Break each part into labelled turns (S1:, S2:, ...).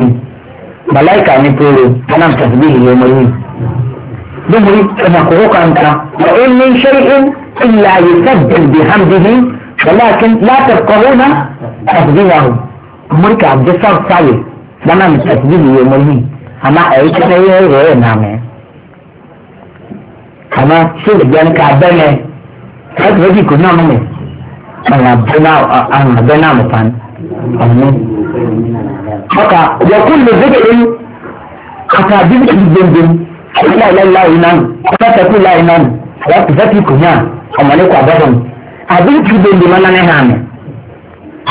S1: kù màláìkà ní péré anam tàbí ìyẹn ọmọ yìí gbogbo ìtàn àkókò kàńkà ọ̀hún ní ṣẹ́yìn ìlà yìí sábẹ̀ bìhàmdìhì ولكن لا تفقهون تسبيحه مركا جسر سالي لنا من تسبيح يومه أما أيك نيه غير نامه أما شو بيان كابنه هاد وجي كنا منه أنا بنا أنا بنا مكان أمين haka ya kullu zikirin kata biziki dindin la ilaha illa ta ta kula ina ya ku zaki kunya amale kwa babon abin ki dindin mana ne ha ne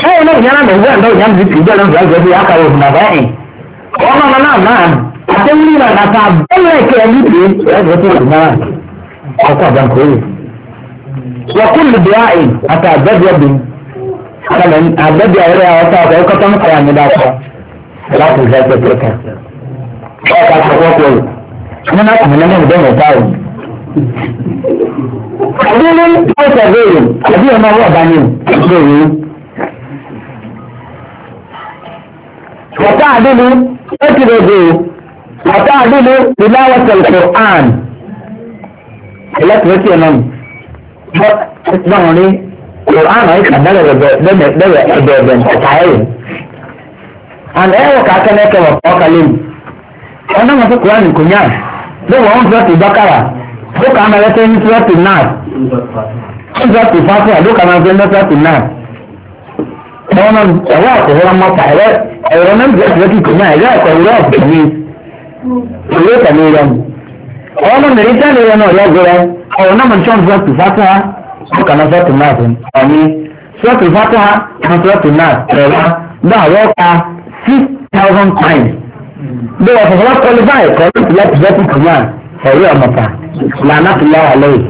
S1: sai na yana da zan dawo yan zikiri da nan zai ya kawo na bai ona na na na atin ni na ta balle ke yi ya zai ta na ko kwa ban ko yi wa kullu du'ain ata jadwa bin kalan abadi aure a wata akwai kwatan kwaya mu da kwa za ku zaɓe keka kwa ka ta kwa kwa kuma na kuma nan da mai tawo adirin kwata zai adirin ma wa bani zai yi wata adirin kwata da zai wata adirin tilawatar Qur'an ilaka yake nan zan wani Qur'an ayi kan daga daga daga daga daga daga tayi an ewa ka kana ka wa pokalin ana ma Qur'an kunya da wa on zati bakara ko ka ana ta ni zati nas on zati fatiha do kana zai na zati nas ona wa ko wa ma ta ere ere nan zai zati kunya ya ko ro ni ko ta ni ran ona ne ita ne ya no ya gora ona man chon zati fatiha kana sọ́ọ̀tù náà sí ọ̀ní sọ́ọ̀tù fatiha kan sọ́ọ̀tù náà ẹ̀rọ náà wọ́n ka six thousand times bí wọ́n fọwọ́ qualify kọ́ láti sọ́ọ̀tù command ẹ̀rí ọ̀mọ̀ta lànà tó lọ́wọ́ lẹ́yìn.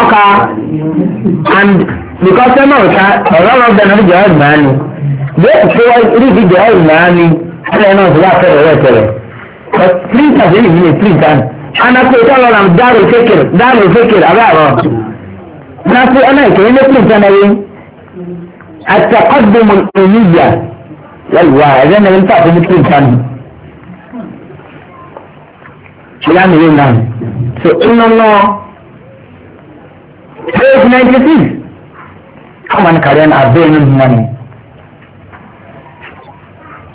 S1: ọkà and because ẹ náà ká ọ̀rọ̀ ọ̀rọ̀ bẹ̀rẹ̀ ní jọ̀ọ́ ìgbà ni bẹ́ẹ̀ tó wá rí fídíò ọ̀hún náà ni ẹ̀rọ náà ti wá fẹ́rẹ̀ rẹ̀ fẹ́rẹ̀ píríntà sí ìyìnbí píríntà ni anako ìtọ́lọ̀ làm dáàrú fẹ́kẹ̀r dáàrú fẹ́kẹ̀r abáàrọ̀ náà fi ọ̀nà ìkẹ́yẹ́ ní píríntà náà yẹn àtàkọ́dùmù ìníyà yàlùwà ẹ̀rẹ́ náà ń tàbí ní píríntà ni ìlànà yẹn náà so iná náà page ninety six àwọn kàrẹ́ náà abẹ́ẹ̀ nínú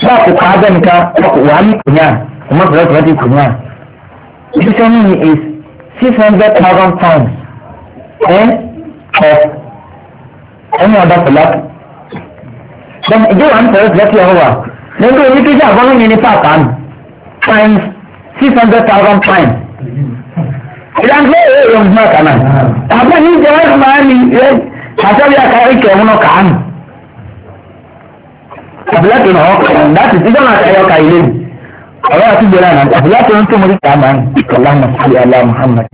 S1: ba ku kaga ni ka ku wani kunya kuma ku rasa wata kunya this money is six hundred thousand pounds eh of any other flat then ìjọ wa ń sọ̀rọ̀ sílẹ̀ sí ọ̀rọ̀ wa lẹ́gbẹ́ orí kí sáà fọ́nrán mi ní pàpà mi times six hundred thousand pounds ìdáńgbé èrè yóò ń gbọ́ kànáà àbẹ́ ní ìjọba ìfúnmáà ni àṣẹ́bí àkàrí kẹ̀wọ́n náà kàánù àbúlẹ́tò náà ọkọ̀ láti tíjọ́ náà ṣe ọkà ilé yìí ọ̀rọ̀ àti gbèrà náà àbúlẹ́tò ń tó mọ́ nípa àmà ìkọ̀láhùn sí alá muhammad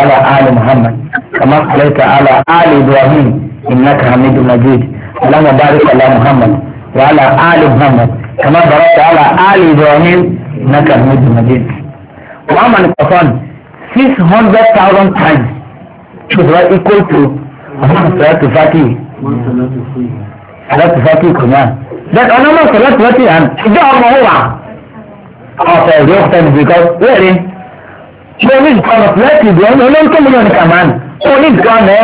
S1: ala ali muhammad kama kọlẹ́tà ala ali ibrahim innaka hamidu majid alama barik ala muhammad wa ala ali muhammad kama barakta ala ali ibrahim innaka hamidu majid wa six hundred thousand times should be equal to one hundred 1 salatu fatih salatu fatih kunyah That ọ̀nà mọ̀ sọ̀rọ̀ tí wọ́n ti hàn ìjọ ọmọ wà ọ̀fẹ́ ìjọ ọ̀fẹ́ mi because wẹ́ẹ̀rẹ́ ṣé ní ìkànnì fúlẹ́ẹ̀tì ìdí ọ̀nà olóńtó mílíọ̀nù kàmán ó ní ìkànnì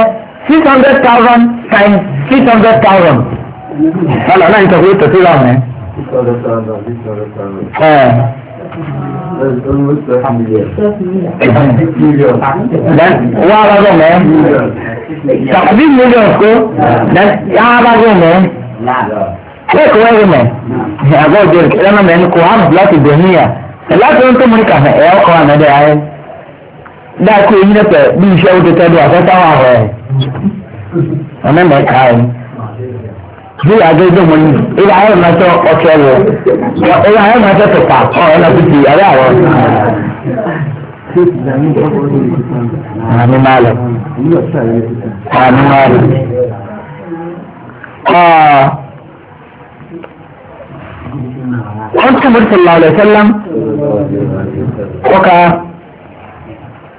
S1: six hundred thousand times six hundred thousand. ọ̀là náà yìí tọ́kùn tọ́sí ra mẹ́. Wọ́n á bá gbọ́ mẹ́. Tàbí mílíọ̀nù kó. Yá á bá gbọ́ mẹ́ take away women àgọ́ òjò ìkẹ́lẹ́nà mẹ́rin kò hàn láti dòmíyà láti ohun tó mú ní kàfẹ́ ẹ̀ ọkọ̀ àná dẹ́ ayé dákú èyí lẹ́pẹ̀ bí iṣẹ́ ó tẹ́tẹ́ bí afẹ́fẹ́ wà họ̀ ẹ̀ ọ̀nà mẹ́ka ẹ̀ bí àgọ́ ìjọ mọ́ ní ilé ayé ìmọ̀tọ́ ọ̀tọ̀ wọ ilé ayé ìmọ̀tọ́ tọ̀pà ọ̀ ẹ̀ lọ́kù ti ayé àwọ̀ àmì tí mo rí sọ̀rọ̀ àlẹ́ sẹ́lá ọkà